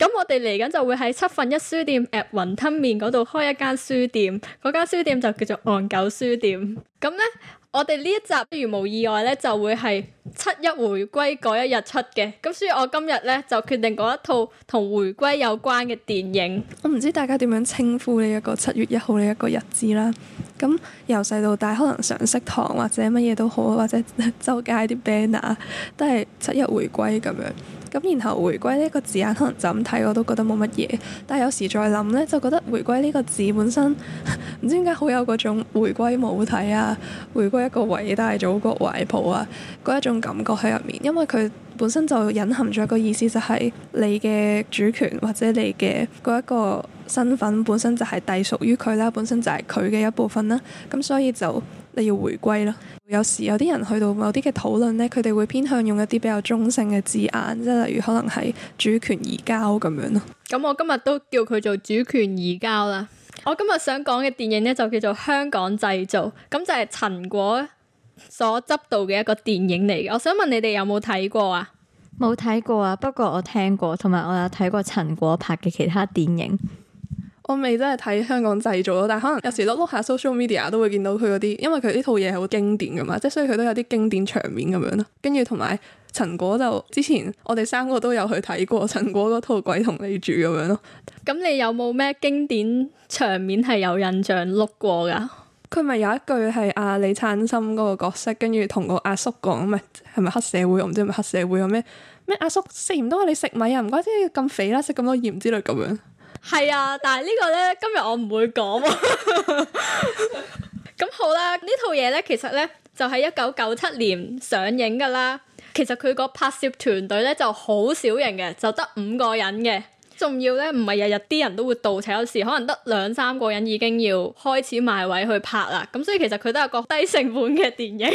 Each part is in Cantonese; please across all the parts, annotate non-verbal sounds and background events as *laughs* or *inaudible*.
咁我哋嚟緊就會喺七分一書店 at 雲吞麵嗰度開一間書店，嗰間書店就叫做憨九書店。咁呢，我哋呢一集如無意外呢就會係七一回歸嗰一日出嘅。咁所以，我今日呢就決定嗰一套同回歸有關嘅電影。我唔知大家點樣稱呼呢一個七月一號呢一個日子啦。咁由細到大，可能上色堂或者乜嘢都好，或者周街啲 banner 都係七一回歸咁樣。咁然後回歸呢個字眼，可能就咁睇我都覺得冇乜嘢。但係有時再諗咧，就覺得回歸呢個字本身，唔 *laughs* 知點解好有嗰種回歸母體啊、回歸一個偉大祖國懷抱啊嗰一種感覺喺入面。因為佢本身就隱含咗一個意思，就係、係、你嘅主權或者你嘅嗰一個身份本身就係隸屬於佢啦，本身就係佢嘅一部分啦。咁所以就。你要回歸咯，有時有啲人去到某啲嘅討論呢，佢哋會偏向用一啲比較中性嘅字眼，即係例如可能係主權移交咁樣咯。咁我今日都叫佢做主權移交啦。我今日想講嘅電影呢，就叫做《香港製造》，咁就係陳果所執導嘅一個電影嚟嘅。我想問你哋有冇睇過啊？冇睇過啊，不過我聽過，同埋我有睇過陳果拍嘅其他電影。我未真係睇香港製造咯，但係可能有時碌碌下 social media 都會見到佢嗰啲，因為佢呢套嘢係好經典噶嘛，即係所以佢都有啲經典場面咁樣咯。跟住同埋陳果就之前我哋三個都有去睇過陳果嗰套《鬼同你住》咁樣咯。咁你有冇咩經典場面係有印象碌過噶？佢咪有一句係阿李璨琛嗰個角色跟住同個阿叔講，咪係咪黑社會？我唔知係咪黑社會，有咩咩阿叔食唔到，你食米啊？唔怪得咁肥啦，食咁多鹽之類咁樣。係啊，但係呢個呢，今日我唔會講， *laughs* 咁好啦。呢套嘢呢，其實呢，就喺一九九七年上映噶啦。其實佢個拍攝團隊呢，就好小型嘅，就得五個人嘅。仲要呢，唔係日日啲人都會到齊，有時可能得兩三個人已經要開始埋位去拍啦。咁所以其實佢都係個低成本嘅電影，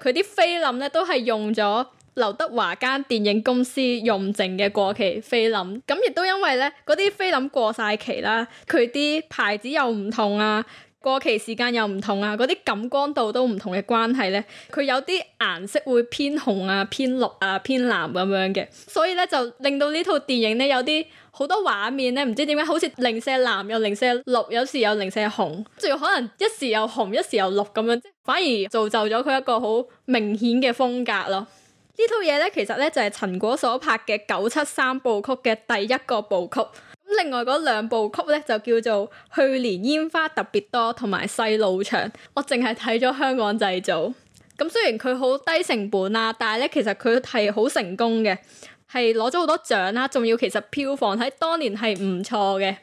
佢啲菲林呢，都係用咗。劉德華間電影公司用剩嘅過期菲林，咁亦都因為呢嗰啲菲林過晒期啦，佢啲牌子又唔同啊，過期時間又唔同啊，嗰啲感光度都唔同嘅關係呢，佢有啲顏色會偏紅啊、偏綠啊、偏藍咁樣嘅，所以呢，就令到呢套電影呢，有啲好多畫面呢，唔知點解好似零舍藍又零舍綠，有時又零舍紅，仲可能一時又紅一時又綠咁樣，反而造就咗佢一個好明顯嘅風格咯。呢套嘢呢，其實呢就係陳果所拍嘅九七三部曲嘅第一個部曲。咁另外嗰兩部曲呢，就叫做去年煙花特別多，同埋細路祥。我淨係睇咗香港製造。咁雖然佢好低成本啦，但係呢，其實佢係好成功嘅，係攞咗好多獎啦，仲要其實票房喺當年係唔錯嘅。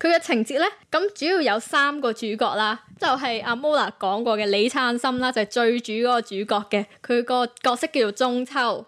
佢嘅情節呢，咁主要有三個主角啦。就係阿 Mola 講過嘅李璨琛啦，就係、是、最主嗰個主角嘅，佢個角色叫做中秋。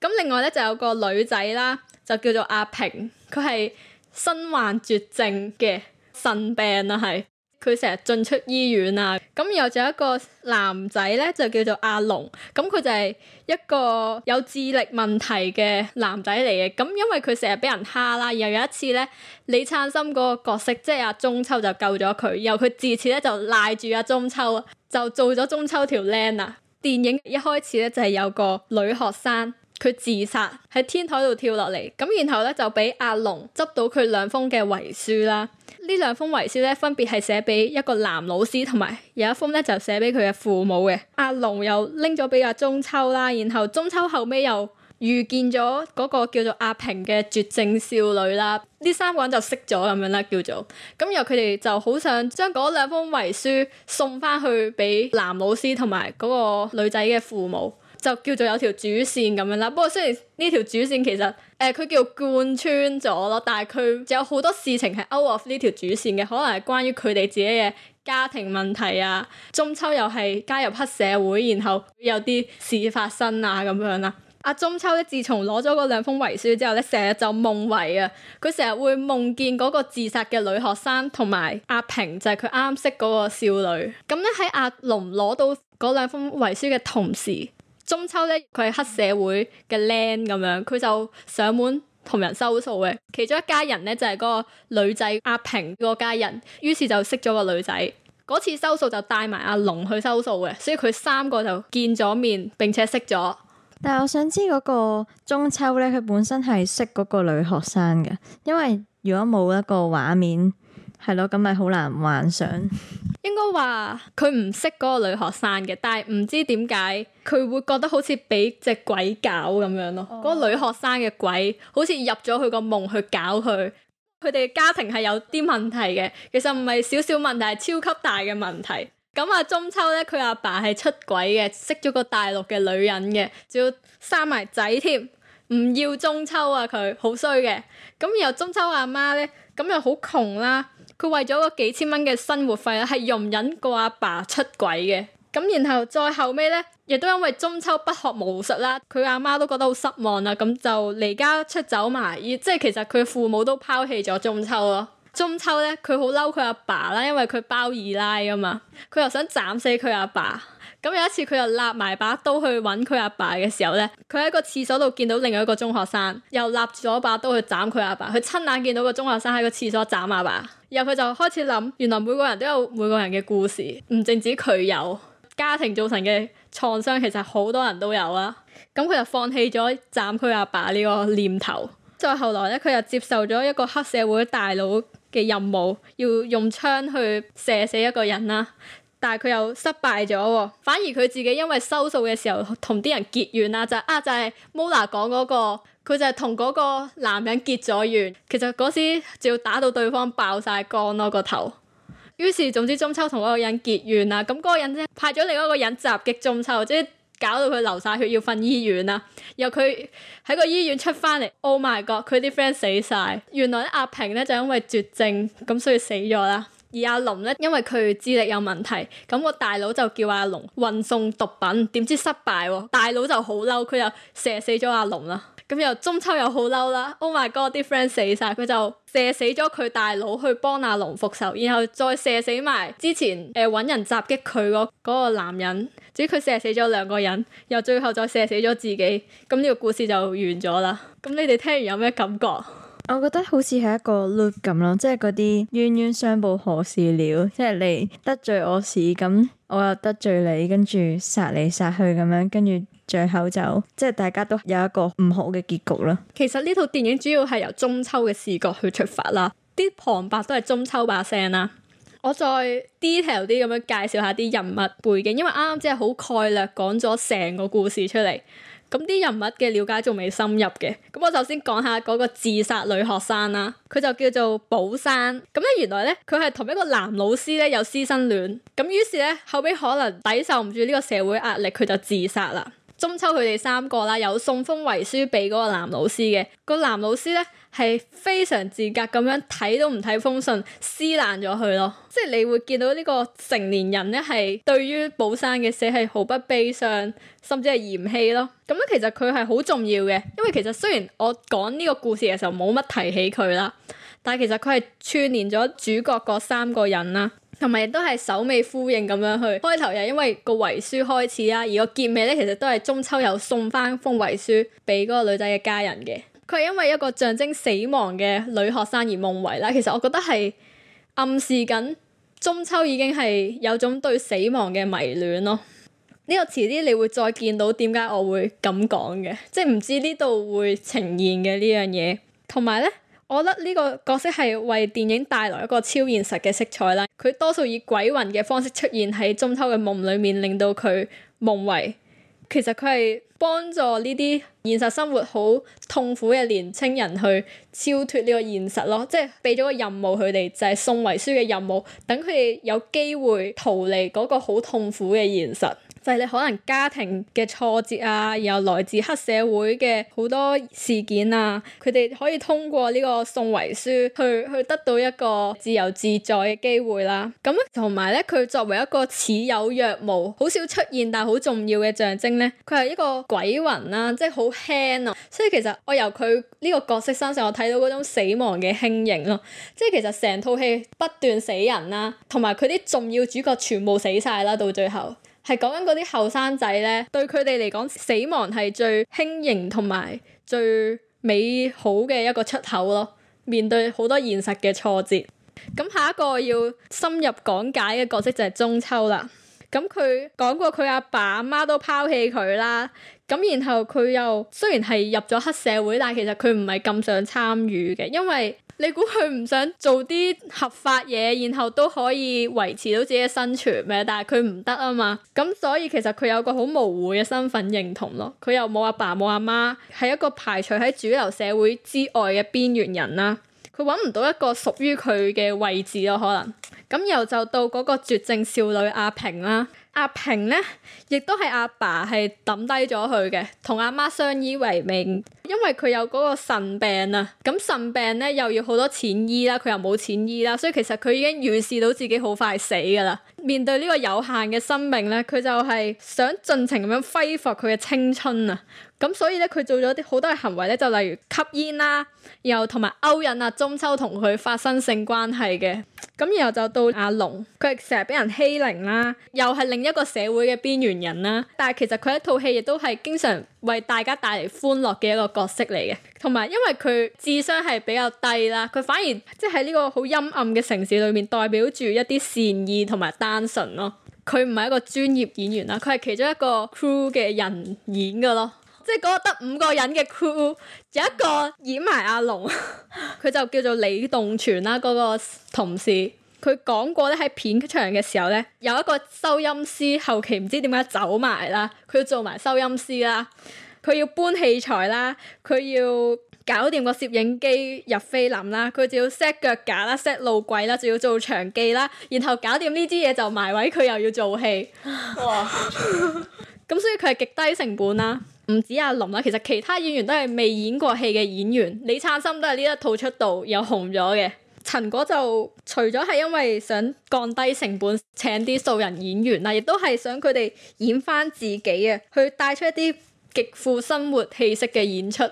咁另外呢，就有個女仔啦，就叫做阿平，佢係身患絕症嘅腎病啊，係。佢成日進出醫院啊。咁然後就有一個男仔呢，就叫做阿龍，咁佢就係一個有智力問題嘅男仔嚟嘅。咁因為佢成日俾人蝦啦，然後有一次呢，李璨琛嗰個角色即係阿中秋就救咗佢，然後佢自此呢就賴住阿中秋就做咗中秋條靚啦。電影一開始呢，就係有個女學生。佢自殺喺天台度跳落嚟，咁然後呢，就俾阿龍執到佢兩封嘅遺書啦。呢兩封遺書呢，分別係寫俾一個男老師同埋有，有一封呢，就寫俾佢嘅父母嘅。阿龍又拎咗俾阿中秋啦，然後中秋後尾又遇見咗嗰個叫做阿平嘅絕症少女啦。呢三個人就識咗咁樣啦，叫做咁然後佢哋就好想將嗰兩封遺書送翻去俾男老師同埋嗰個女仔嘅父母。就叫做有條主線咁樣啦，不過雖然呢條主線其實誒佢、呃、叫貫穿咗咯，但係佢有好多事情係 out of 呢條主線嘅，可能係關於佢哋自己嘅家庭問題啊，中秋又係加入黑社會，然後有啲事發生啊咁樣啦、啊。阿、啊、中秋呢，自從攞咗嗰兩封遺書之後呢，成日就夢遺啊，佢成日會夢見嗰個自殺嘅女學生同埋阿平，就係佢啱啱識嗰個少女。咁呢，喺阿龍攞到嗰兩封遺書嘅同時。中秋呢，佢係黑社會嘅靚咁樣，佢就上門同人收數嘅。其中一家人呢，就係、是、嗰個女仔阿平個家人，於是就識咗個女仔。嗰次收數就帶埋阿龍去收數嘅，所以佢三個就見咗面並且識咗。但係我想知嗰個中秋呢，佢本身係識嗰個女學生嘅，因為如果冇一個畫面係咯，咁咪好難幻想。應該話佢唔識嗰個女學生嘅，但係唔知點解佢會覺得好似俾隻鬼搞咁樣咯。嗰、哦、個女學生嘅鬼好似入咗佢個夢去搞佢。佢哋家庭係有啲問題嘅，其實唔係少少問題，係超級大嘅問題。咁啊中秋呢，佢阿爸係出軌嘅，識咗個大陸嘅女人嘅，仲要生埋仔添，唔要中秋啊！佢好衰嘅。咁然後中秋阿媽呢，咁又好窮啦。佢為咗個幾千蚊嘅生活費啊，係容忍個阿爸出軌嘅。咁然後再後尾咧，亦都因為中秋不學無術啦，佢阿媽都覺得好失望啦。咁就離家出走埋，而即係其實佢父母都拋棄咗中秋咯。中秋咧，佢好嬲佢阿爸啦，因為佢包二奶啊嘛，佢又想斬死佢阿爸。咁有一次佢又立埋把刀去揾佢阿爸嘅時候呢，佢喺個廁所度見到另外一個中學生又立住咗把刀去斬佢阿爸，佢親眼見到個中學生喺個廁所斬阿爸，然後佢就開始諗，原來每個人都有每個人嘅故事，唔淨止佢有家庭造成嘅創傷，其實好多人都有啊。咁佢就放棄咗斬佢阿爸呢個念頭。再後來呢，佢又接受咗一個黑社會大佬嘅任務，要用槍去射死一個人啦。但係佢又失敗咗喎，反而佢自己因為收數嘅時候同啲人結怨啦，就係、啊就係 Mona 講嗰個，佢就係同嗰個男人結咗怨。其實嗰時就要打到對方爆晒光咯，嗰個頭。於是總之中秋同嗰個人結怨啦，咁、嗰、嗰個人呢，派咗另一個人襲擊中秋，即係搞到佢流晒血要瞓醫院啦。然後佢喺個醫院出翻嚟，oh my god，佢啲 friend 死晒。原來咧阿平呢，就因為絕症咁所以死咗啦。而阿龍呢，因為佢智力有問題，咁個大佬就叫阿龍運送毒品，點知失敗、喎，大佬就好嬲，佢又射死咗阿龍啦。咁又中秋又好嬲啦，Oh my God，啲 friend 死晒，佢就射死咗佢大佬去幫阿龍復仇，然後再射死埋之前誒搵，呃、人襲擊佢嗰嗰個男人，至於佢射死咗兩個人，又最後再射死咗自己，咁、這、呢個故事就完咗啦。咁你哋聽完有咩感覺？我覺得好似係一個 loop 咁咯，即係嗰啲冤冤相報何時了，即係你得罪我事，咁我又得罪你，跟住殺嚟殺去咁樣，跟住最後就即係大家都有一個唔好嘅結局咯。其實呢套電影主要係由中秋嘅視角去出發啦，啲旁白都係中秋把聲啦。我再 detail 啲咁樣介紹下啲人物背景，因為啱啱只係好概略講咗成個故事出嚟。咁啲人物嘅了解仲未深入嘅，咁我就先講下嗰個自殺女學生啦，佢就叫做寶珊，咁咧原來咧佢係同一個男老師咧有師生戀，咁於是咧後尾可能抵受唔住呢個社會壓力，佢就自殺啦。中秋佢哋三個啦，有送封遺書俾嗰個男老師嘅，那個男老師咧，係非常賤格咁樣，睇都唔睇封信撕爛咗佢咯。即係你會見到呢個成年人呢，係對於寶珊嘅死係毫不悲傷，甚至係嫌棄咯。咁咧其實佢係好重要嘅，因為其實雖然我講呢個故事嘅時候冇乜提起佢啦，但係其實佢係串聯咗主角嗰三個人啦，同埋亦都係首尾呼應咁樣去。開頭又因為個遺書開始啦，而個結尾呢，其實都係中秋又送翻封遺書俾嗰個女仔嘅家人嘅。佢係因為一個象徵死亡嘅女學生而夢遺啦，其實我覺得係暗示緊中秋已經係有種對死亡嘅迷戀咯。呢個遲啲你會再見到點解我會咁講嘅，即係唔知呢度會呈現嘅呢樣嘢。同埋呢，我覺得呢個角色係為電影帶來一個超現實嘅色彩啦。佢多數以鬼魂嘅方式出現喺中秋嘅夢裡面，令到佢夢遺。其實佢係幫助呢啲現實生活好痛苦嘅年青人去超脫呢個現實咯，即係俾咗個任務佢哋，就係、是、送遺書嘅任務，等佢哋有機會逃離嗰個好痛苦嘅現實。就係你可能家庭嘅挫折啊，然後來自黑社會嘅好多事件啊，佢哋可以通過呢個送遺書去去得到一個自由自在嘅機會啦。咁同埋咧，佢作為一個似有若無、好少出現但係好重要嘅象徵咧，佢係一個鬼魂啦，即係好輕啊。所以其實我由佢呢個角色身上，我睇到嗰種死亡嘅輕盈咯。即係其實成套戲不斷死人啦，同埋佢啲重要主角全部死晒啦，到最後。係講緊嗰啲後生仔咧，對佢哋嚟講，死亡係最輕盈同埋最美好嘅一個出口咯。面對好多現實嘅挫折，咁下一個要深入講解嘅角色就係中秋啦。咁佢講過佢阿爸阿媽都拋棄佢啦。咁然後佢又雖然係入咗黑社會，但係其實佢唔係咁想參與嘅，因為你估佢唔想做啲合法嘢，然後都可以維持到自己嘅生存咩？但係佢唔得啊嘛，咁所以其實佢有個好模糊嘅身份認同咯。佢又冇阿爸冇阿媽，係一個排除喺主流社會之外嘅邊緣人啦。佢揾唔到一個屬於佢嘅位置咯，可能咁又就到嗰個絕症少女阿平啦。阿平咧，亦都係阿爸係抌低咗佢嘅，同阿媽相依為命。因為佢有嗰個腎病啊，咁腎病呢，又要好多錢醫啦，佢又冇錢醫啦，所以其實佢已經預示到自己好快死噶啦。面對呢個有限嘅生命呢，佢就係想盡情咁樣揮霍佢嘅青春啊。咁所以呢，佢做咗啲好多嘅行為呢，就例如吸煙啦，然後同埋勾引啊中秋同佢發生性關係嘅。咁然後就到阿龍，佢係成日俾人欺凌啦，又係另一個社會嘅邊緣人啦。但係其實佢一套戲亦都係經常為大家帶嚟歡樂嘅一個角。角色嚟嘅，同埋因為佢智商係比較低啦，佢反而即係喺呢個好陰暗嘅城市裏面，代表住一啲善意同埋單純咯。佢唔係一個專業演員啦，佢係其中一個 crew 嘅人演㗎咯，即係嗰個得五個人嘅 crew，有一個演埋阿龍，佢 *laughs* 就叫做李棟全啦。嗰、嗰個同事，佢講過咧，喺片場嘅時候咧，有一個收音師後期唔知點解走埋啦，佢做埋收音師啦。佢要搬器材啦，佢要搞掂個攝影機入菲林啦，佢就要 set 腳架啦，set 路軌啦，仲要做場記啦，然後搞掂呢啲嘢就埋位，佢又要做戲，哇！咁 *laughs* *laughs* 所以佢係極低成本啦，唔止阿林啦，其實其他演員都係未演過戲嘅演員，李璨琛都係呢一套出道又紅咗嘅。陳果就除咗係因為想降低成本，請啲素人演員啦，亦都係想佢哋演翻自己啊，去帶出一啲。極富生活氣息嘅演出，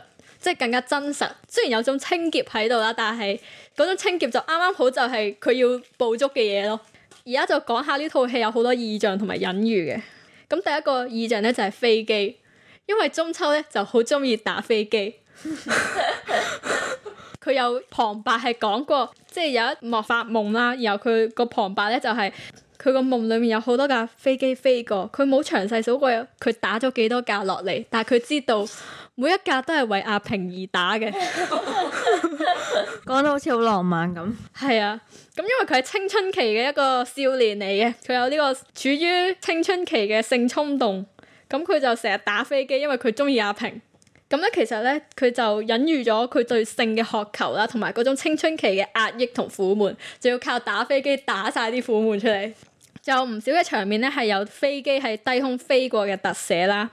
即係更加真實。雖然有種清潔喺度啦，但係嗰種清潔就啱啱好就係佢要捕捉嘅嘢咯。而家就講下呢套戲有好多意象同埋隱喻嘅。咁第一個意象呢，就係飛機，因為中秋呢就好中意打飛機。佢 *laughs* 有旁白係講過，即係有一幕發夢啦，然後佢個旁白呢就係、是。佢個夢裏面有好多架飛機飛過，佢冇詳細數過，佢打咗幾多架落嚟，但係佢知道每一架都係為阿平而打嘅，講 *laughs* 得好似好浪漫咁。係啊，咁因為佢係青春期嘅一個少年嚟嘅，佢有呢個處於青春期嘅性衝動，咁佢就成日打飛機，因為佢中意阿平。咁咧，其實咧，佢就隱喻咗佢對性嘅渴求啦，同埋嗰種青春期嘅壓抑同苦悶，仲要靠打飛機打晒啲苦悶出嚟。仲有唔少嘅場面咧，係有飛機喺低空飛過嘅特寫啦。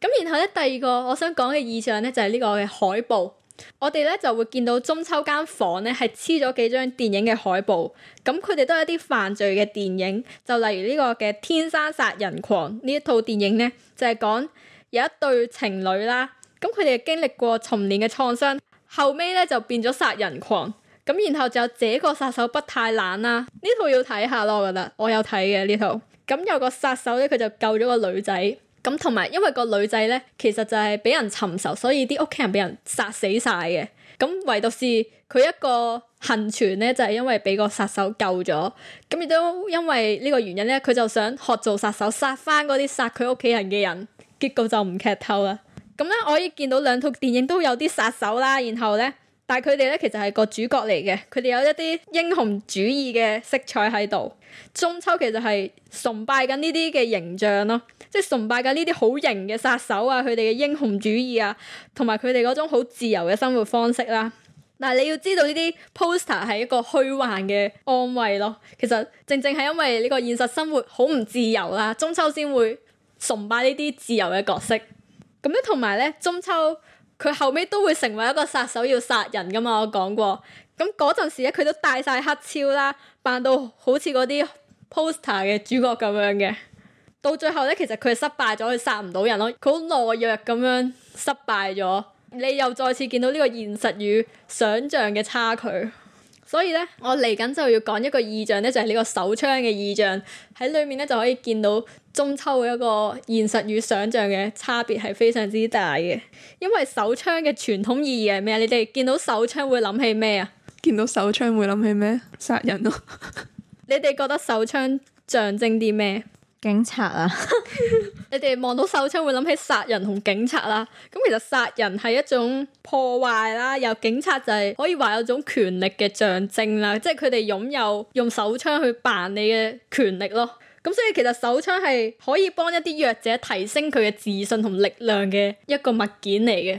咁然後咧，第二個我想講嘅意象咧，就係呢個嘅海報。我哋咧就會見到中秋間房咧係黐咗幾張電影嘅海報。咁佢哋都係一啲犯罪嘅電影，就例如呢個嘅《天生殺人狂》呢一套電影咧，就係講有一對情侶啦。咁佢哋又經歷過童年嘅創傷，後尾咧就變咗殺人狂。咁然後就有這個殺手不太冷啦，呢套要睇下咯，我覺得我有睇嘅呢套。咁有個殺手咧，佢就救咗個女仔。咁同埋因為個女仔咧，其實就係俾人尋仇，所以啲屋企人俾人殺死晒嘅。咁唯獨是佢一個幸存咧，就係、是、因為俾個殺手救咗。咁亦都因為呢個原因咧，佢就想學做殺手，殺翻嗰啲殺佢屋企人嘅人。結果就唔劇透啦。咁咧，我可以見到兩套電影都有啲殺手啦，然後咧，但係佢哋咧其實係個主角嚟嘅，佢哋有一啲英雄主義嘅色彩喺度。中秋其實係崇拜緊呢啲嘅形象咯，即係崇拜緊呢啲好型嘅殺手啊，佢哋嘅英雄主義啊，同埋佢哋嗰種好自由嘅生活方式啦。但係你要知道呢啲 poster 係一個虛幻嘅安慰咯，其實正正係因為呢個現實生活好唔自由啦，中秋先會崇拜呢啲自由嘅角色。咁咧，同埋咧，中秋佢後尾都會成為一個殺手，要殺人噶嘛，我講過。咁嗰陣時咧，佢都戴晒黑超啦，扮到好似嗰啲 poster 嘅主角咁樣嘅。到最後咧，其實佢係失敗咗，佢殺唔到人咯，佢好懦弱咁樣失敗咗。你又再次見到呢個現實與想象嘅差距。所以咧，我嚟緊就要講一個意象咧，就係呢個手槍嘅意象喺裏面咧，就可以見到。中秋嘅一個現實與想像嘅差別係非常之大嘅，因為手槍嘅傳統意義係咩？你哋見到手槍會諗起咩啊？見到手槍會諗起咩？殺人咯、哦！ *laughs* 你哋覺得手槍象徵啲咩？警察啊！ *laughs* *laughs* 你哋望到手槍會諗起殺人同警察啦。咁其實殺人係一種破壞啦，又警察就係可以話有種權力嘅象徵啦，即係佢哋擁有用手槍去辦理你嘅權力咯。咁所以其實手槍係可以幫一啲弱者提升佢嘅自信同力量嘅一個物件嚟嘅。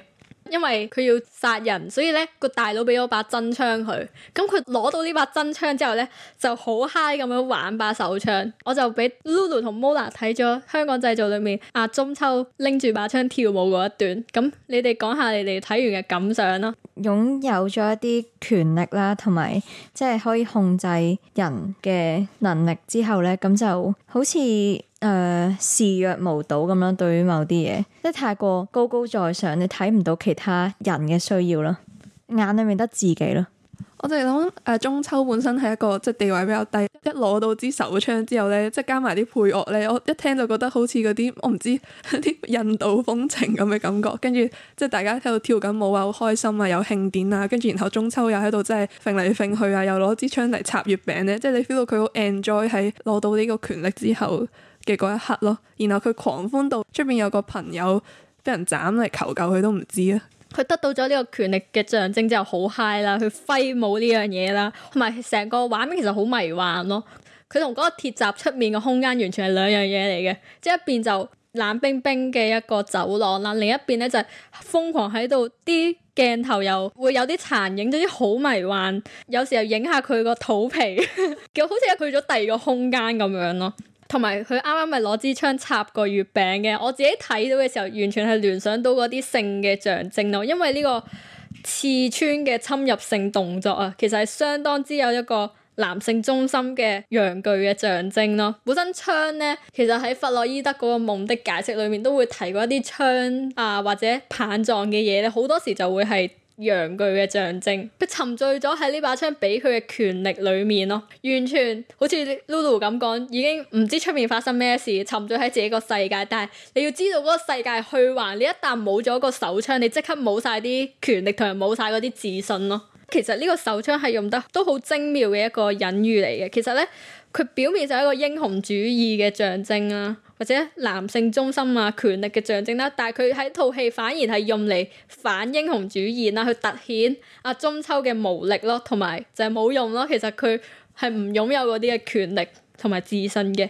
因為佢要殺人，所以咧個大佬俾咗把真槍佢，咁佢攞到呢把真槍之後咧就好 high 咁樣玩把手槍。我就俾 Lulu 同 Mola 睇咗香港製造裏面阿中秋拎住把槍跳舞嗰一段。咁你哋講下你哋睇完嘅感想咯。擁有咗一啲權力啦，同埋即係可以控制人嘅能力之後咧，咁就好似。誒，uh, 視若無睹咁樣，對於某啲嘢，即係太過高高在上，你睇唔到其他人嘅需要囉，眼裏面得自己咯。我哋諗誒，中秋本身係一個即係地位比較低，一攞到支手槍之後咧，即係加埋啲配樂咧，我一聽就覺得好似嗰啲我唔知啲 *laughs* 印度風情咁嘅感覺，跟住即係大家喺度跳緊舞啊，好開心啊，有慶典啊，跟住然後中秋又喺度，即係揈嚟揈去啊，又攞支槍嚟插月餅咧，即係你 feel 到佢好 enjoy 喺攞到呢個權力之後。嘅嗰一刻咯，然後佢狂歡到出邊有個朋友俾人斬嚟求救，佢都唔知啊。佢得到咗呢個權力嘅象徵之後，好 high 啦，去揮舞呢樣嘢啦，同埋成個畫面其實好迷幻咯。佢同嗰個鐵閘出面嘅空間完全係兩樣嘢嚟嘅，即係一邊就冷冰冰嘅一個走廊啦，另一邊呢就瘋狂喺度，啲鏡頭又會有啲殘影，咗啲好迷幻，有時候影下佢個肚皮，叫 *laughs* 好似入去咗第二個空間咁樣咯。同埋佢啱啱咪攞支槍插個月餅嘅，我自己睇到嘅時候，完全係聯想到嗰啲性嘅象徵咯。因為呢個刺穿嘅侵入性動作啊，其實係相當之有一個男性中心嘅陽具嘅象徵咯。本身槍咧，其實喺弗洛伊德嗰個夢的解釋裏面，都會提過一啲槍啊或者棒狀嘅嘢咧，好多時就會係陽具嘅象徵，佢沉醉咗喺呢把槍俾佢嘅權力裏面咯，完全好似 Lulu 咁講，已經唔知出面發生咩事，沉醉喺自己個世界。但係你要知道嗰個世界虛幻，你一旦冇咗個手槍，你即刻冇晒啲權力同埋冇晒嗰啲自信咯。其實呢個手槍係用得都好精妙嘅一個隱喻嚟嘅。其實呢，佢表面就係一個英雄主義嘅象徵啦。或者男性中心啊，權力嘅象徵啦、啊，但係佢喺套戲反而係用嚟反英雄主義啦、啊，去凸顯啊中秋嘅無力咯，同埋就係冇用咯。其實佢係唔擁有嗰啲嘅權力同埋自信嘅，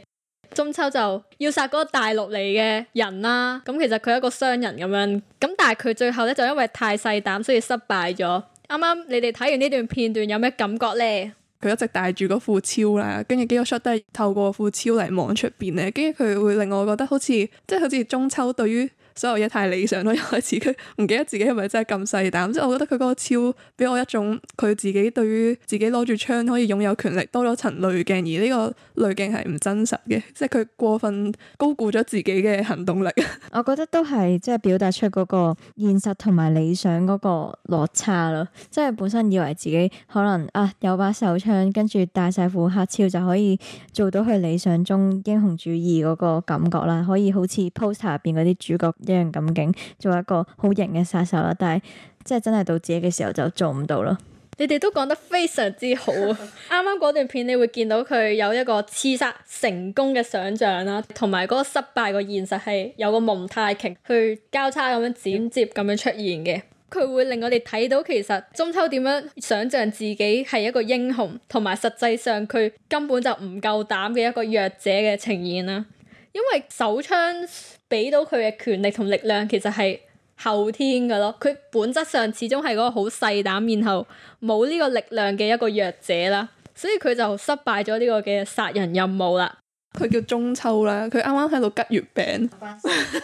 中秋就要殺嗰個大陸嚟嘅人啦、啊。咁其實佢係一個商人咁樣，咁但係佢最後咧就因為太細膽，所以失敗咗。啱啱你哋睇完呢段片段有咩感覺咧？佢一直戴住嗰副超啦，跟住幾個 shot 都係透過副超嚟望出邊咧，跟住佢會令我覺得好似，即係好似中秋對於。所有嘢太理想咯，一開始佢唔記得自己係咪真係咁細膽，即係我覺得佢嗰個超俾我一種佢自己對於自己攞住槍可以擁有權力多咗層濾鏡，而呢個濾鏡係唔真實嘅，即係佢過分高估咗自己嘅行動力。我覺得都係即係表達出嗰個現實同埋理想嗰個落差咯，即係本身以為自己可能啊有把手槍跟住戴晒副黑超就可以做到佢理想中英雄主義嗰個感覺啦，可以好似 poster 入邊嗰啲主角。一樣咁勁，做一個好型嘅殺手啦。但係即係真係到自己嘅時候就做唔到咯。你哋都講得非常之好啊！啱啱嗰段片你會見到佢有一個刺殺成功嘅想象啦，同埋嗰個失敗個現實係有個蒙太奇去交叉咁樣剪接咁樣出現嘅，佢會令我哋睇到其實中秋點樣想象自己係一個英雄，同埋實際上佢根本就唔夠膽嘅一個弱者嘅呈現啦。因為手槍俾到佢嘅權力同力量其實係後天噶咯，佢本質上始終係嗰個好細膽，然後冇呢個力量嘅一個弱者啦，所以佢就失敗咗呢個嘅殺人任務啦。佢叫中秋啦，佢啱啱喺度吉月餅， *laughs*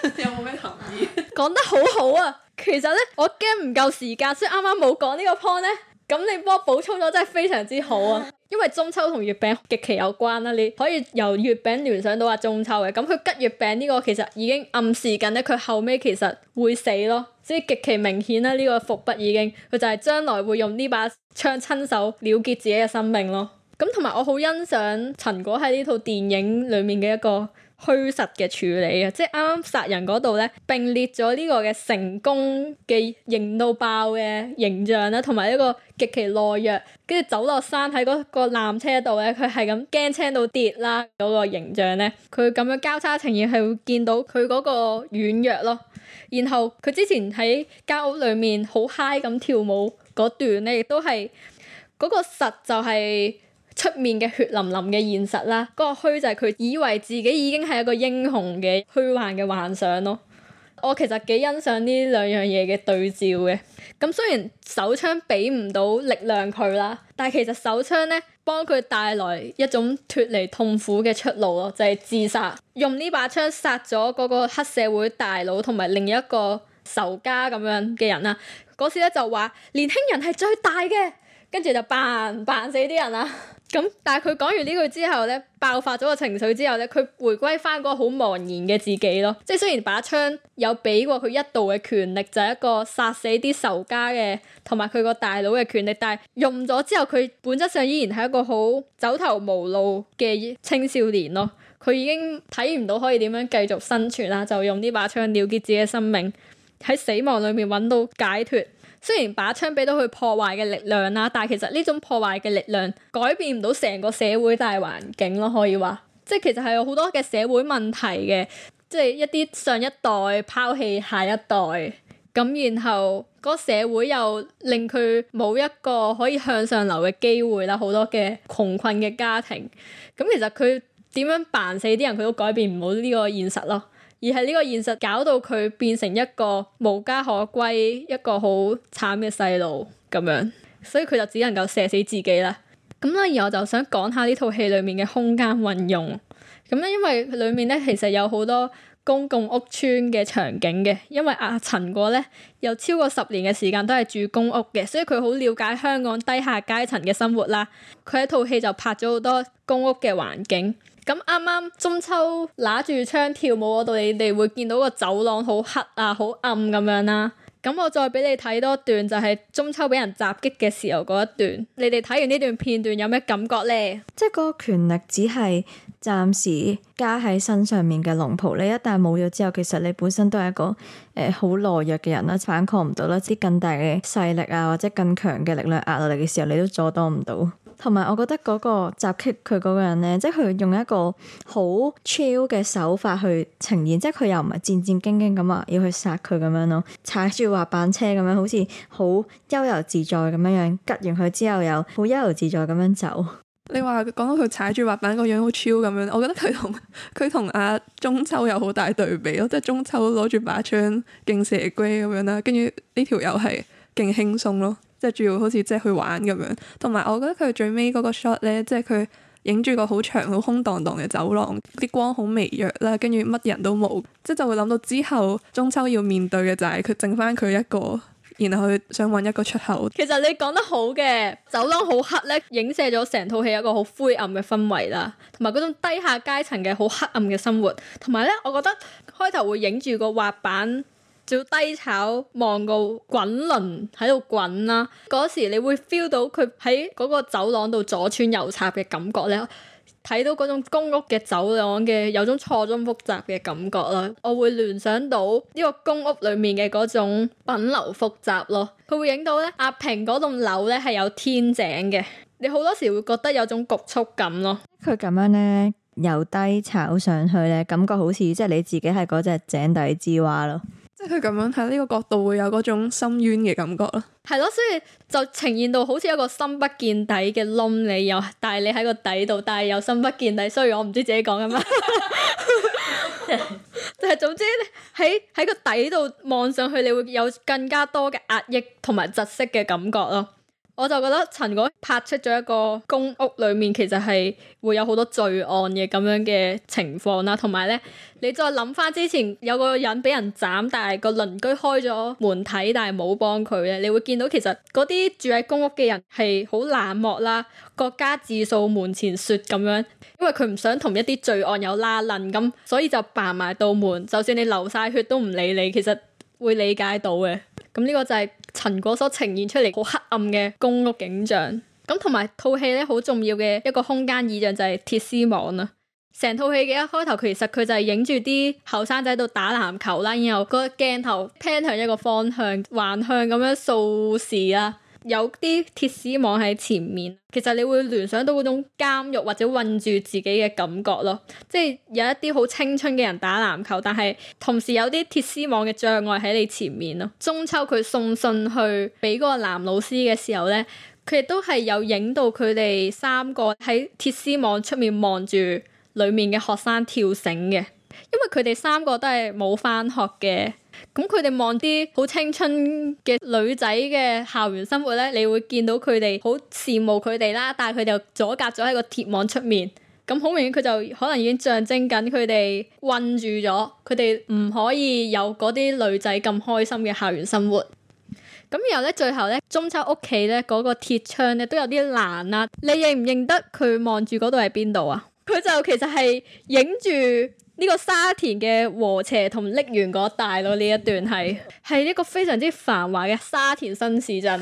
有冇咩含義？講 *laughs* 得好好啊！其實呢，我驚唔夠時間，所以啱啱冇講呢個 point 呢。咁你幫我補充咗真係非常之好啊！因為中秋同月餅極其有關啦，啊，你可以由月餅聯想到啊中秋嘅。咁佢吉月餅呢個其實已經暗示緊呢，佢後尾其實會死咯，即係極其明顯啦。呢個伏筆已經，佢就係將來會用呢把槍親手了結自己嘅生命咯。咁同埋我好欣賞陳果喺呢套電影裏面嘅一個。虛實嘅處理啊，即係啱啱殺人嗰度，呢，並列咗呢個嘅成功嘅型到爆嘅形象啦，同埋一個極其懦弱，跟住走落山喺嗰個纜車度呢，佢係咁驚青到跌啦嗰、那個形象呢，佢咁樣交叉呈現係會見到佢嗰個軟弱咯。然後佢之前喺間屋裏面好嗨 i 咁跳舞嗰段呢，亦都係嗰個實就係、是。出面嘅血淋淋嘅現實啦，嗰、那個虛就係佢以為自己已經係一個英雄嘅虛幻嘅幻想咯。我其實幾欣賞呢兩樣嘢嘅對照嘅。咁雖然手槍俾唔到力量佢啦，但係其實手槍呢，幫佢帶來一種脫離痛苦嘅出路咯，就係、是、自殺。用呢把槍殺咗嗰個黑社會大佬同埋另一個仇家咁樣嘅人啦。嗰時咧就話年輕人係最大嘅，跟住就砰砰死啲人啦。咁，但係佢講完呢句之後呢，爆發咗個情緒之後呢，佢回歸翻嗰個好茫然嘅自己咯。即係雖然把槍有俾過佢一度嘅權力，就係、是、一個殺死啲仇家嘅，同埋佢個大佬嘅權力，但係用咗之後，佢本質上依然係一個好走投無路嘅青少年咯。佢已經睇唔到可以點樣繼續生存啦，就用呢把槍了結自己嘅生命，喺死亡裏面揾到解脫。雖然把槍俾到佢破壞嘅力量啦，但係其實呢種破壞嘅力量改變唔到成個社會大環境咯，可以話，即係其實係有好多嘅社會問題嘅，即係一啲上一代拋棄下一代，咁然後嗰個社會又令佢冇一個可以向上流嘅機會啦，好多嘅窮困嘅家庭，咁其實佢點樣扮死啲人，佢都改變唔到呢個現實咯。而係呢個現實搞到佢變成一個無家可歸、一個好慘嘅細路咁樣，所以佢就只能夠射死自己啦。咁咧，然後就想講下呢套戲裏面嘅空間運用。咁咧，因為裏面咧其實有好多公共屋邨嘅場景嘅，因為阿陳果咧有超過十年嘅時間都係住公屋嘅，所以佢好了解香港低下階層嘅生活啦。佢喺套戲就拍咗好多公屋嘅環境。咁啱啱中秋拿住槍跳舞嗰度，你哋會見到個走廊好黑啊，好暗咁樣啦。咁我再畀你睇多段，就係、是、中秋畀人襲擊嘅時候嗰一段。你哋睇完呢段片段有咩感覺咧？即係個權力只係暫時加喺身上面嘅龍袍，你一旦冇咗之後，其實你本身都係一個誒好、呃、懦弱嘅人啦，反抗唔到啦。啲更大嘅勢力啊，或者更強嘅力量壓落嚟嘅時候，你都阻擋唔到。同埋，我覺得嗰個襲擊佢嗰個人咧，即係佢用一個好 chill 嘅手法去呈現，即係佢又唔係戰戰兢兢咁啊，要去殺佢咁樣咯，踩住滑板車咁樣，好似好悠遊自在咁樣樣，吉完佢之後又好悠遊自在咁樣走。你話講到佢踩住滑板個樣好 chill 咁樣，我覺得佢同佢同阿中秋有好大對比咯，即係中秋攞住把槍勁蛇龜咁樣啦，跟住呢條又係勁輕鬆咯。即係仲要好似即係去玩咁樣，同埋我覺得佢最尾嗰個 shot 咧，即係佢影住個好長、好空蕩蕩嘅走廊，啲光好微弱啦，跟住乜人都冇，即、就係、就會諗到之後中秋要面對嘅就係佢剩翻佢一個，然後佢想揾一個出口。其實你講得好嘅，走廊好黑咧，影射咗成套戲一個好灰暗嘅氛圍啦，同埋嗰種低下階層嘅好黑暗嘅生活，同埋咧，我覺得開頭會影住個滑板。要低炒望個滾輪喺度滾啦，嗰時你會 feel 到佢喺嗰個走廊度左穿右插嘅感覺咧，睇到嗰種公屋嘅走廊嘅有種錯綜複雜嘅感覺啦。我會聯想到呢個公屋裏面嘅嗰種品流複雜咯。佢會影到咧，阿平嗰棟樓咧係有天井嘅，你好多時會覺得有種局促感咯。佢咁樣咧由低炒上去咧，感覺好似即係你自己係嗰隻井底之蛙咯。即佢咁樣睇，呢個角度會有嗰種深淵嘅感覺啦，係咯，所以就呈現到好似一個深不見底嘅窿，你又但係你喺個底度，但係又深不見底，所以我唔知自己講緊乜，但係總之咧喺喺個底度望上去，你會有更加多嘅壓抑同埋窒息嘅感覺咯。我就覺得陳果拍出咗一個公屋裏面其實係會有好多罪案嘅，咁樣嘅情況啦，同埋呢，你再諗翻之前有個人俾人斬，但係個鄰居開咗門睇但係冇幫佢咧，你會見到其實嗰啲住喺公屋嘅人係好冷漠，啦，各家自掃門前雪咁樣，因為佢唔想同一啲罪案有拉鄰咁，所以就扮埋道門，就算你流晒血都唔理你，其實會理解到嘅。咁呢個就係、是。陳果所呈現出嚟好黑暗嘅公屋景象，咁同埋套戲呢，好重要嘅一個空間意象就係鐵絲網啦。成套戲嘅一開頭，其實佢就係影住啲後生仔喺度打籃球啦，然後個鏡頭偏向一個方向，橫向咁樣掃視啊。有啲鐵絲網喺前面，其實你會聯想到嗰種監獄或者困住自己嘅感覺咯。即係有一啲好青春嘅人打籃球，但係同時有啲鐵絲網嘅障礙喺你前面咯。中秋佢送信去俾嗰個男老師嘅時候呢，佢亦都係有影到佢哋三個喺鐵絲網出面望住裡面嘅學生跳繩嘅，因為佢哋三個都係冇返學嘅。咁佢哋望啲好青春嘅女仔嘅校園生活咧，你會見到佢哋好羨慕佢哋啦，但係佢哋又阻隔咗喺個鐵網出面，咁好明顯佢就可能已經象徵緊佢哋韫住咗，佢哋唔可以有嗰啲女仔咁開心嘅校園生活。咁然後咧，最後咧中秋屋企咧嗰個鐵窗咧都有啲爛啦，你認唔認得佢望住嗰度係邊度啊？佢就其實係影住。呢個沙田嘅禾輋同瀝源嗰帶咯，呢一段係係 *laughs* 一個非常之繁華嘅沙田新市鎮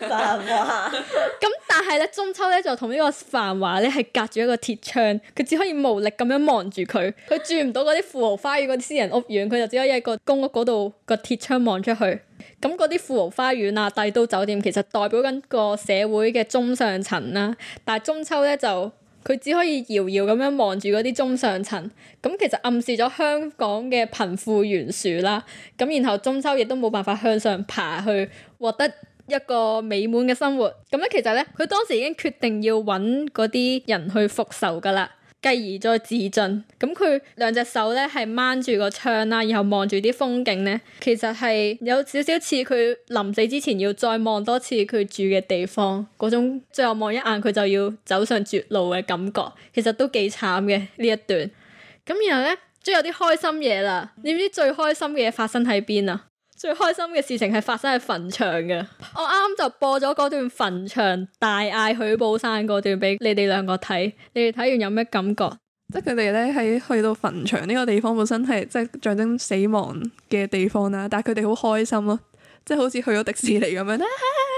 繁華。咁 *laughs* *laughs* *laughs* 但係咧中秋咧就同呢個繁華咧係隔住一個鐵窗，佢只可以無力咁樣望住佢，佢住唔到嗰啲富豪花園嗰啲私人屋苑，佢就只可以喺個公屋嗰度個鐵窗望出去。咁嗰啲富豪花園啊、帝都酒店，其實代表緊個社會嘅中上層啦、啊。但係中秋咧就。佢只可以遙遙咁樣望住嗰啲中上層，咁其實暗示咗香港嘅貧富懸殊啦。咁然後中秋亦都冇辦法向上爬去獲得一個美滿嘅生活。咁咧其實咧，佢當時已經決定要搵嗰啲人去復仇㗎喇。繼而再自盡，咁佢兩隻手咧係掹住個窗啦，然後望住啲風景咧，其實係有少少似佢臨死之前要再望多次佢住嘅地方嗰種，最後望一眼佢就要走上絕路嘅感覺，其實都幾慘嘅呢一段。咁然後咧，終於有啲開心嘢啦，你知唔知最開心嘅嘢發生喺邊啊？最開心嘅事情係發生喺墳場嘅，我啱啱就播咗嗰段墳場大嗌，許寶山嗰段俾你哋兩個睇，你哋睇完有咩感覺？即係佢哋咧喺去到墳場呢個地方本身係即係象徵死亡嘅地方啦，但係佢哋好開心咯，即係好似去咗迪士尼咁樣，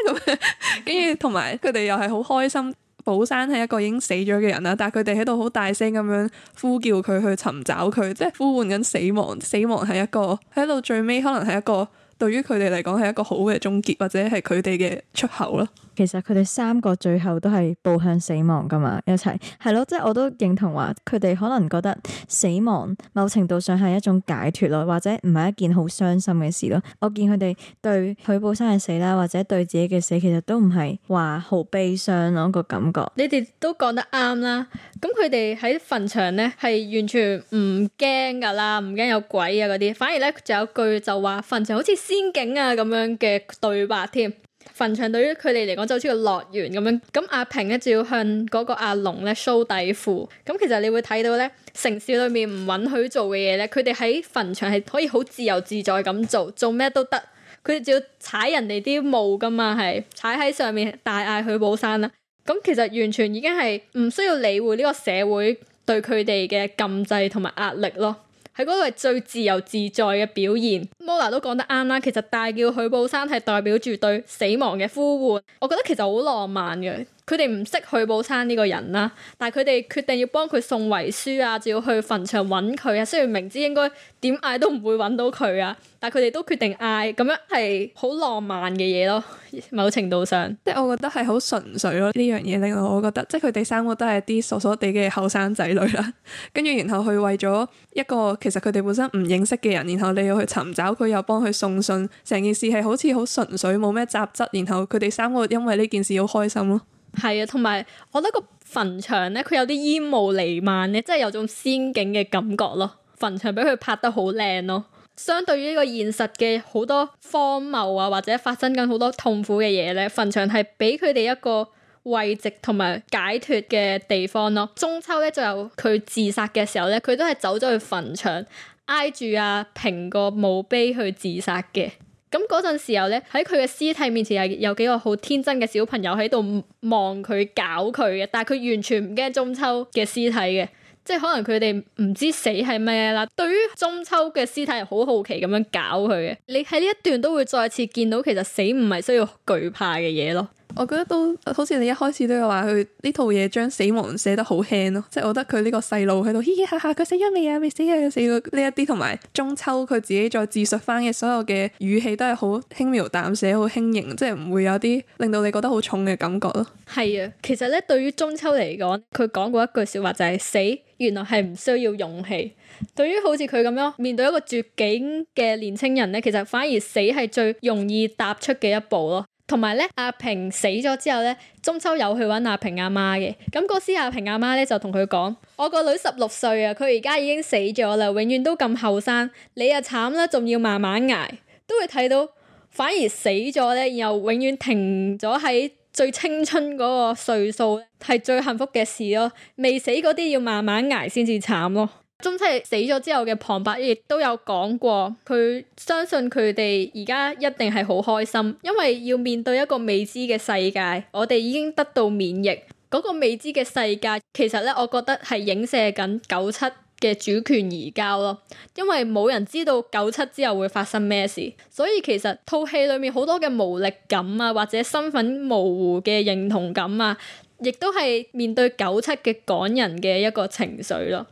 咁跟住同埋佢哋又係好開心。寶山係一個已經死咗嘅人啦，但係佢哋喺度好大聲咁樣呼叫佢，去尋找佢，即係呼喚緊死亡。死亡係一個喺度最尾可能係一個對於佢哋嚟講係一個好嘅終結，或者係佢哋嘅出口咯。其實佢哋三個最後都係步向死亡噶嘛，一齊係咯，即係我都認同話佢哋可能覺得死亡某程度上係一種解脫咯，或者唔係一件好傷心嘅事咯。我見佢哋對許寶珊嘅死啦，或者對自己嘅死，其實都唔係話好悲傷咯個感覺。你哋都講得啱啦，咁佢哋喺墳場咧係完全唔驚噶啦，唔驚有鬼啊嗰啲，反而咧仲有句就話墳場好似仙境啊咁樣嘅對白添。墳場對於佢哋嚟講就好似個樂園咁樣，咁阿平咧就要向嗰個阿龍咧 show 底褲，咁其實你會睇到咧，城市裏面唔允許做嘅嘢咧，佢哋喺墳場係可以好自由自在咁做，做咩都得，佢哋要踩人哋啲墓噶嘛係，踩喺上面大嗌許寶山啦，咁其實完全已經係唔需要理會呢個社會對佢哋嘅禁制同埋壓力咯。喺嗰度係最自由自在嘅表現。摩 o 都講得啱啦，其實大叫許寶山係代表住對死亡嘅呼喚，我覺得其實好浪漫嘅。佢哋唔識許寶珊呢個人啦，但係佢哋決定要幫佢送遺書啊，仲要去墳場揾佢啊。雖然明知應該點嗌都唔會揾到佢啊，但係佢哋都決定嗌，咁樣係好浪漫嘅嘢咯。某程度上，即係我覺得係好純粹咯。呢樣嘢令到我覺得，即係佢哋三個都係啲傻傻地嘅後生仔女啦。跟住然後去為咗一個其實佢哋本身唔認識嘅人，然後你要去尋找佢，又幫佢送信，成件事係好似好純粹冇咩雜質。然後佢哋三個因為呢件事好開心咯。係啊，同埋我覺得個墳場呢，佢有啲煙霧彌漫咧，即係有種仙境嘅感覺咯。墳場俾佢拍得好靚咯，相對於呢個現實嘅好多荒謬啊，或者發生緊好多痛苦嘅嘢呢，墳場係俾佢哋一個慰藉同埋解脫嘅地方咯。中秋呢，就有佢自殺嘅時候呢，佢都係走咗去墳場挨住阿平個墓碑去自殺嘅。咁嗰陣時候呢，喺佢嘅屍體面前係有幾個好天真嘅小朋友喺度望佢搞佢嘅，但係佢完全唔驚中秋嘅屍體嘅，即係可能佢哋唔知死係咩啦，對於中秋嘅屍體係好好奇咁樣搞佢嘅。你喺呢一段都會再次見到，其實死唔係需要懼怕嘅嘢咯。我覺得都好似你一開始都有話佢呢套嘢將死亡寫得好輕咯，啊，即係我覺得佢呢個細路喺度嘻嘻哈哈，佢死咗未啊？未死啊？死咗呢一啲同埋中秋佢自己再自述返嘅所有嘅語氣都係好輕描淡寫、好輕盈，即係唔會有啲令到你覺得好重嘅感覺咯。係啊，其實咧對於中秋嚟講，佢講過一句説話就係、是、死原來係唔需要勇氣。對於好似佢咁樣面對一個絕境嘅年青人咧，其實反而死係最容易踏出嘅一步咯。同埋咧，阿平死咗之後咧，中秋又去揾阿平、那個、阿媽嘅。咁嗰時阿平阿媽咧就同佢講：我個女十六歲啊，佢而家已經死咗啦，永遠都咁後生。你啊慘啦，仲要慢慢捱，都會睇到反而死咗咧，然後永遠停咗喺最青春嗰個歲數，係最幸福嘅事咯。未死嗰啲要慢慢捱先至慘咯。中秋死咗之後嘅旁白亦都有講過，佢相信佢哋而家一定係好開心，因為要面對一個未知嘅世界。我哋已經得到免疫。嗰個未知嘅世界，其實呢，我覺得係影射緊九七嘅主權移交咯。因為冇人知道九七之後會發生咩事，所以其實套戲裏面好多嘅無力感啊，或者身份模糊嘅認同感啊，亦都係面對九七嘅港人嘅一個情緒咯。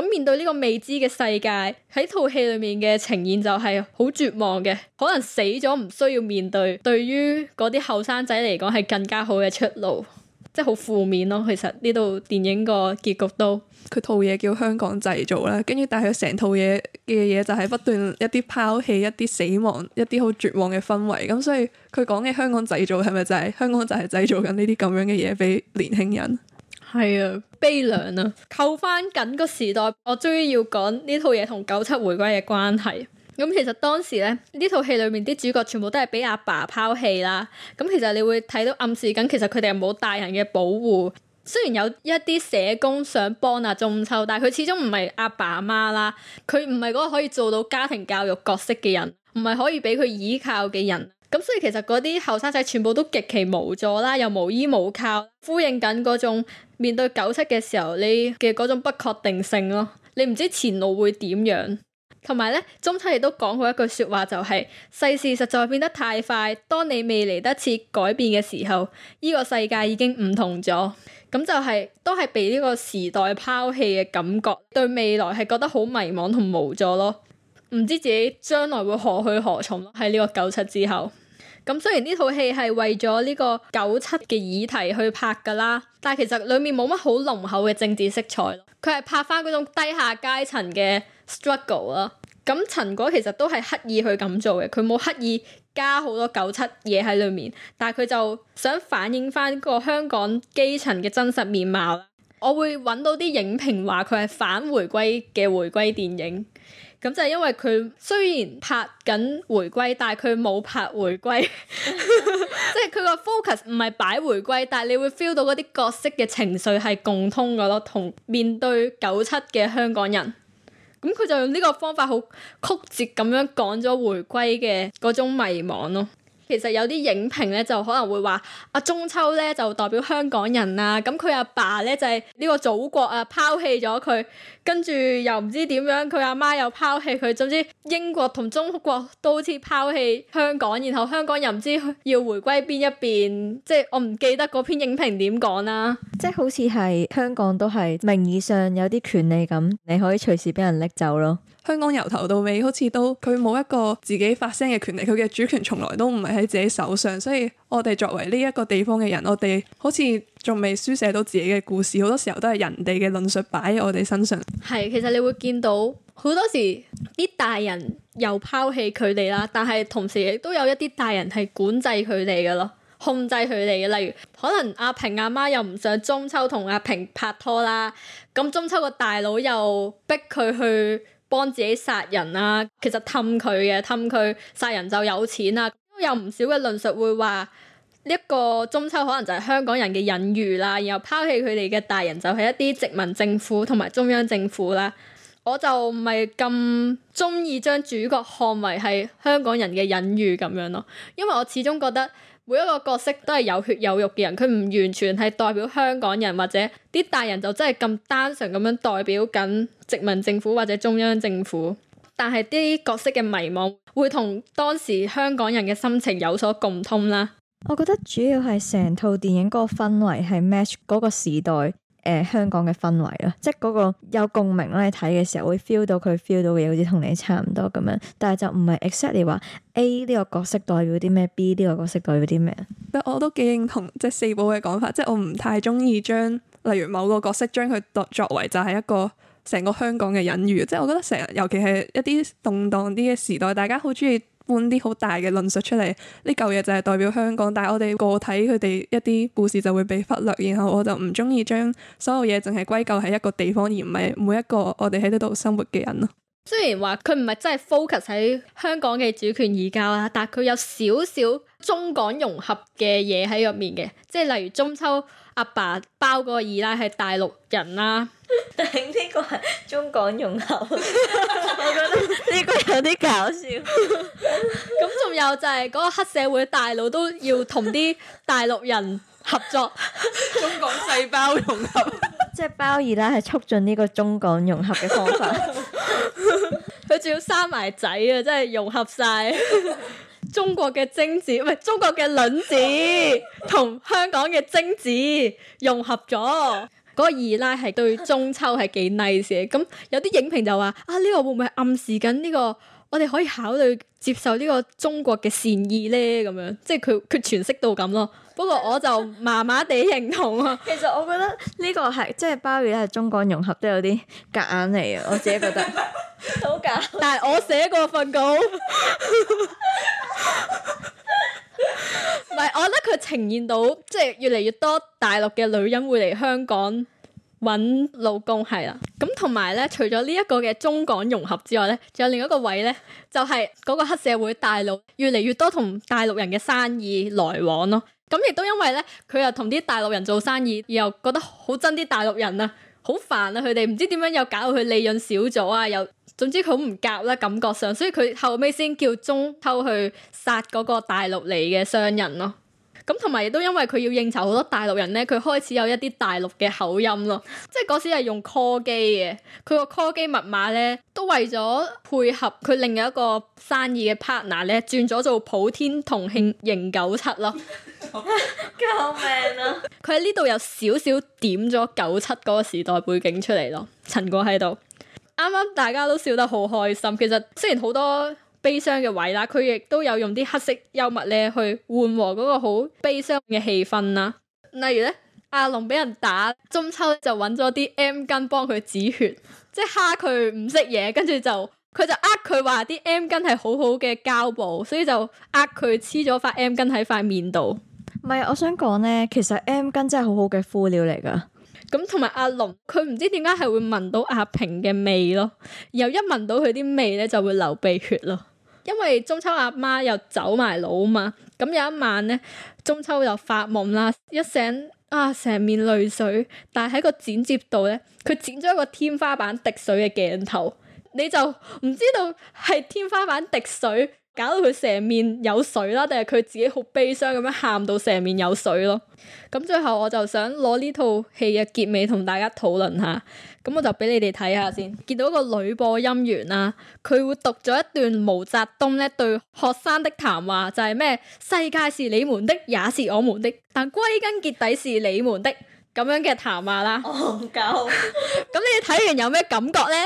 咁面對呢個未知嘅世界，喺套戲裏面嘅呈現就係好絕望嘅，可能死咗唔需要面對。對於嗰啲後生仔嚟講，係更加好嘅出路，即係好負面咯。其實呢套電影個結局都，佢套嘢叫香港製造啦，跟住但係佢成套嘢嘅嘢就係不斷一啲拋棄、一啲死亡、一啲好絕望嘅氛圍。咁所以佢講嘅香港製造係咪就係、是、香港就係製造緊呢啲咁樣嘅嘢俾年輕人？係啊，悲涼啊！扣翻緊個時代，我終於要講呢套嘢同九七回歸嘅關係。咁其實當時咧，呢套戲裏面啲主角全部都係俾阿爸拋棄啦。咁其實你會睇到暗示緊，其實佢哋又冇大人嘅保護。雖然有一啲社工想幫阿中秋，但係佢始終唔係阿爸阿媽啦，佢唔係嗰個可以做到家庭教育角色嘅人，唔係可以俾佢依靠嘅人。咁所以其實嗰啲後生仔全部都極其無助啦，又無依無靠，呼應緊嗰種面對九七嘅時候你嘅嗰種不確定性咯，你唔知前路會點樣，同埋呢，中秋亦都講過一句說話，就係，就係世事實在變得太快，當你未嚟得切改變嘅時候，呢，呢個世界已經唔同咗，咁就係、係、都係被呢個時代拋棄嘅感覺，對未來係覺得好迷茫同無助咯，唔知自己將來會何去何從喺呢個九七之後。咁雖然呢套戲係為咗呢個九七嘅議題去拍㗎啦，但係其實裡面冇乜好濃厚嘅政治色彩，佢係拍翻嗰種低下階層嘅 struggle 啦。咁陳果其實都係刻意去咁做嘅，佢冇刻意加好多九七嘢喺裡面，但係佢就想反映翻個香港基層嘅真實面貌。我會揾到啲影評話佢係反回歸嘅回歸電影。咁就係因為佢雖然拍緊回歸，但係佢冇拍回歸， *laughs* *laughs* 即係佢個 focus 唔係擺回歸，但係你會 feel 到嗰啲角色嘅情緒係共通㗎咯，同面對九七嘅香港人，咁佢就用呢個方法好曲折咁樣講咗回歸嘅嗰種迷惘咯。其實有啲影評咧，就可能會話阿中秋咧就代表香港人啊，咁佢阿爸咧就係呢個祖國啊拋棄咗佢，跟住又唔知點樣，佢阿媽又拋棄佢，總之英國同中國都似拋棄香港，然後香港又唔知要回歸邊一邊，即係我唔記得嗰篇影評點講啦，即係好似係香港都係名義上有啲權利咁，你可以隨時俾人拎走咯。香港由頭到尾好似都佢冇一個自己發聲嘅權利，佢嘅主權從來都唔係喺自己手上，所以我哋作為呢一個地方嘅人，我哋好似仲未書寫到自己嘅故事，好多時候都係人哋嘅論述擺喺我哋身上。係，其實你會見到好多時啲大人又拋棄佢哋啦，但係同時亦都有一啲大人係管制佢哋嘅咯，控制佢哋嘅。例如可能阿平阿媽又唔想中秋同阿平拍拖啦，咁中秋個大佬又逼佢去。幫自己殺人啊！其實氹佢嘅氹佢殺人就有錢啊！都有唔少嘅論述會話呢一個中秋可能就係香港人嘅隱喻啦，然後拋棄佢哋嘅大人就係一啲殖民政府同埋中央政府啦。我就唔係咁中意將主角看為係香港人嘅隱喻咁樣咯，因為我始終覺得。每一個角色都係有血有肉嘅人，佢唔完全係代表香港人，或者啲大人就真係咁單純咁樣代表緊殖民政府或者中央政府，但係啲角色嘅迷惘會同當時香港人嘅心情有所共通啦。我覺得主要係成套電影嗰個氛圍係 match 嗰個時代。誒、呃、香港嘅氛圍咯，即係嗰個有共鳴，你睇嘅時候會 feel 到佢 feel 到嘅嘢好似同你差唔多咁樣，但係就唔係 exactly 話 A 呢個角色代表啲咩，B 呢個角色代表啲咩。不過我都幾認同即係四寶嘅講法，即係我唔太中意將例如某個角色將佢作作為就係一個成個香港嘅隱喻。即係我覺得成日，尤其係一啲動盪啲嘅時代，大家好中意。搬啲好大嘅論述出嚟，呢舊嘢就係代表香港，但係我哋個體佢哋一啲故事就會被忽略，然後我就唔中意將所有嘢淨係歸咎喺一個地方，而唔係每一個我哋喺呢度生活嘅人咯。雖然話佢唔係真係 focus 喺香港嘅主權移交啊，但係佢有少少中港融合嘅嘢喺入面嘅，即係例如中秋阿爸，爸包個二奶係大陸人啦。 *laughs* 呢 *laughs* 個係中港融合， *laughs* *laughs* 我覺得呢個有啲搞笑。咁 *laughs* 仲 *laughs* 有就係嗰個黑社會大佬都要同啲大陸人合作， *laughs* 中港細胞融合。即係包二奶係促進呢個中港融合嘅方法。佢 *laughs* 仲 *laughs* *laughs* 要生埋仔啊！真係融合晒 *laughs* 中國嘅精子，唔係中國嘅卵子同 *laughs* 香港嘅精子融合咗。 *laughs* 嗰個二奶係對中秋係幾 nice 嘅，咁有啲影評就話啊呢、呢個會唔會暗示緊呢、呢個我哋可以考慮接受呢個中國嘅善意咧？咁樣即係佢佢詮釋到咁咯。不過我就麻麻地認同啊。 *laughs* 其實我覺得呢個係即係包月係中港融合都有啲夾硬嚟啊！我自己覺得好夾，但係我寫過份稿。 *laughs* *laughs* *laughs* 唔係， *laughs* 我覺得佢呈現到即係越嚟越多大陸嘅女人會嚟香港揾老公，係啦。咁同埋呢，除咗呢一個嘅中港融合之外呢，仲有另一個位呢，就係嗰個黑社會大佬越嚟越多同大陸人嘅生意來往咯。咁亦都因為呢，佢又同啲大陸人做生意，又覺得好憎啲大陸人啊，好煩啊，佢哋唔知點樣又搞到佢利潤少咗啊，又。總之佢好唔夾啦，感覺上，所以佢後尾先叫中秋去殺嗰個大陸嚟嘅商人咯。咁同埋亦都因為佢要應酬好多大陸人咧，佢開始有一啲大陸嘅口音咯。即係嗰時係用 call 機嘅，佢個 call 機密碼咧都為咗配合佢另一個生意嘅 partner 咧，轉咗做普天同慶迎九七咯。 *laughs* 救命啊！佢喺呢度有少少點咗九七嗰個時代背景出嚟咯。陳果喺度。啱啱大家都笑得好開心，其實雖然好多悲傷嘅位啦，佢亦都有用啲黑色幽默咧去緩和嗰個好悲傷嘅氣氛啦。例如呢，阿龍俾人打，中秋就揾咗啲 M 巾幫佢止血，即係蝦佢唔識嘢，跟住就佢就呃佢話啲 M 巾係好好嘅膠布，所以就呃佢黐咗塊 M 巾喺塊面度。唔係，我想講呢，其實 M 巾真係好好嘅敷料嚟噶。咁同埋阿龍，佢唔知點解係會聞到阿萍嘅味咯，然後一聞到佢啲味咧就會流鼻血咯。因為中秋阿媽又走埋佬嘛，咁有一晚咧，中秋又發夢啦，一醒啊，成面淚水，但係喺個剪接度咧，佢剪咗一個天花板滴水嘅鏡頭，你就唔知道係天花板滴水。搞到佢成面有水啦，定係佢自己好悲傷咁樣喊到成面有水咯？咁最後我就想攞呢套戲嘅結尾同大家討論下。咁我就俾你哋睇下先，見到一個女播音員啦，佢會讀咗一段毛澤東呢對學生的談話，就係咩世界是你們的，也是我們的，但歸根結底是你們的咁樣嘅談話啦。咁你睇完有咩感覺呢？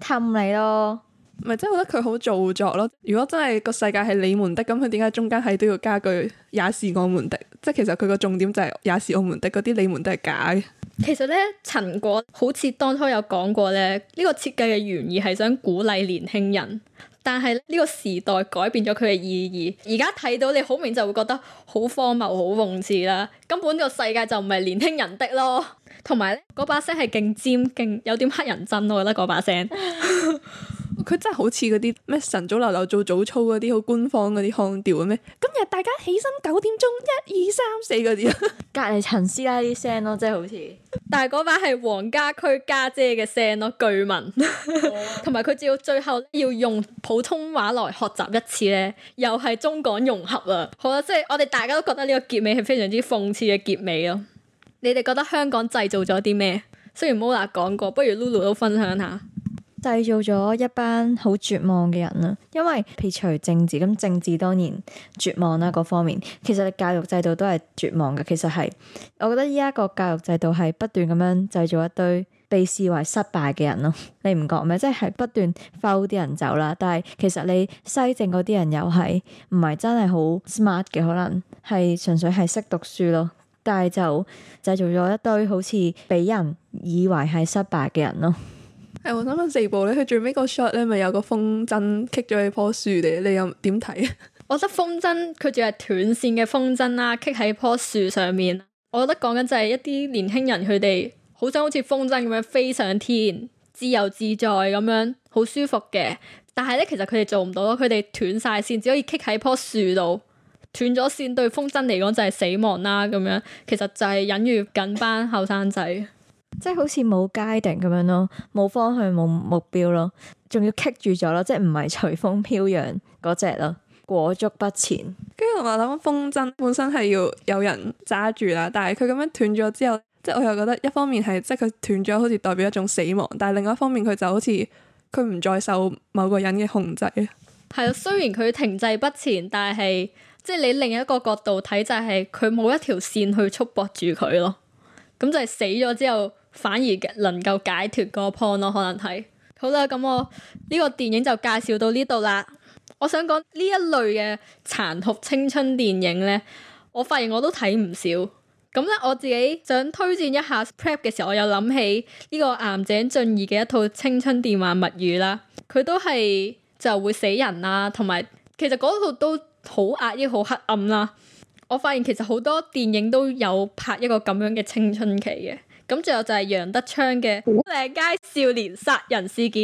氹你咯～咪真係覺得佢好做作咯。如果真係個世界係你們的，咁佢點解中間係都要加句也是我們的？即係其實佢個重點就係也是我們的，嗰啲你們都係假嘅。其實呢，陳果好似當初有講過咧，呢，呢個設計嘅原意係想鼓勵年輕人，但係呢個時代改變咗佢嘅意義。而家睇到你好明顯就會覺得好荒謬、好諷刺啦。根本呢個世界就唔係年輕人的咯。同埋呢，嗰把聲係勁尖、勁有點乞人憎，我覺得嗰把聲。 *laughs* 佢真係好似嗰啲咩，晨早流流做早操嗰啲，好官方嗰啲腔調嘅咩？今日大家起身九點鐘，一二三四嗰啲，隔籬陳師奶啲聲咯，即係好似。但係嗰把係黃家駒家姐嘅聲咯，據聞。同埋佢至到最後要用普通話來學習一次呢，又係中港融合啦。好啦，即係我哋大家都覺得呢個結尾係非常之諷刺嘅結尾咯。你哋覺得香港製造咗啲咩？雖然 Mula 講過，不如 Lulu 都分享下。製造咗一班好絕望嘅人啦，因為撇除政治咁，政治當然絕望啦，各方面其實教育制度都係絕望嘅。其實係，我覺得依家個教育制度係不斷咁樣製造一堆被視為失敗嘅人咯， *laughs* 你唔覺咩？即係不斷收啲人走啦，但係其實你西政嗰啲人又係唔係真係好 smart 嘅，可能係純粹係識讀書咯，但係就製造咗一堆好似俾人以為係失敗嘅人咯。 *laughs* 係，我想問四寶咧，佢最尾個 shot 咧，咪有個風箏棘咗喺棵樹嚟，你又點睇啊？我覺得風箏佢仲係斷線嘅風箏啦，棘喺棵樹上面。我覺得講緊就係一啲年輕人，佢哋好想好似風箏咁樣飛上天，自由自在咁樣，好舒服嘅。但係咧，其實佢哋做唔到咯，佢哋斷晒線，只可以棘喺棵樹度。斷咗線對風箏嚟講就係死亡啦，咁樣其實就係隱喻緊班後生仔。 *laughs* 即係好似冇 guiding 咁樣咯，冇方向冇目標咯，仲要棘住咗咯，即係唔係隨風飄揚嗰隻咯，裹足不前。跟住我諗風箏本身係要有人揸住啦，但係佢咁樣斷咗之後，即係我又覺得一方面係即係佢斷咗，好似代表一種死亡，但係另外一方面佢就好似佢唔再受某個人嘅控制啊。係啊，雖然佢停滯不前，但係即係你另一個角度睇就係佢冇一條線去束縛住佢咯，咁就係死咗之後。反而能夠解脫個 point 咯，可能係好啦。咁我呢個電影就介紹到呢度啦。我想講呢一類嘅殘酷青春電影呢，我發現我都睇唔少。咁咧，我自己想推薦一下《Prep》嘅時候，我有諗起呢個岩井俊二嘅一套青春電幻物語啦。佢都係就會死人啊，同埋其實嗰套都好壓抑、好黑暗啦。我發現其實好多電影都有拍一個咁樣嘅青春期嘅。咁最後就係楊德昌嘅《牯嶺街少年殺人事件》，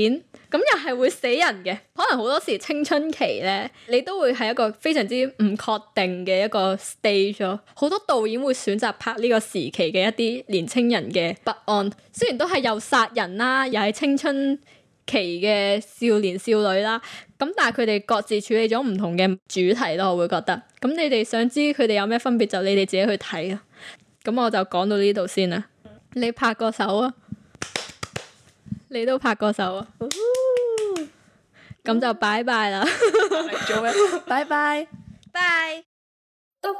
咁又係會死人嘅，可能好多時青春期呢，你都會係一個非常之唔確定嘅一個 stage 咯。好多導演會選擇拍呢個時期嘅一啲年輕人嘅不安，雖然都係又殺人啦，又係青春期嘅少年少女啦，咁但係佢哋各自處理咗唔同嘅主題咯，我會覺得。咁你哋想知佢哋有咩分別，就你哋自己去睇啊。咁我就講到呢度先啦。你拍過手啊？ *laughs* 你都拍過手啊？咁 *laughs* 就拜拜啦！拜拜拜！嘟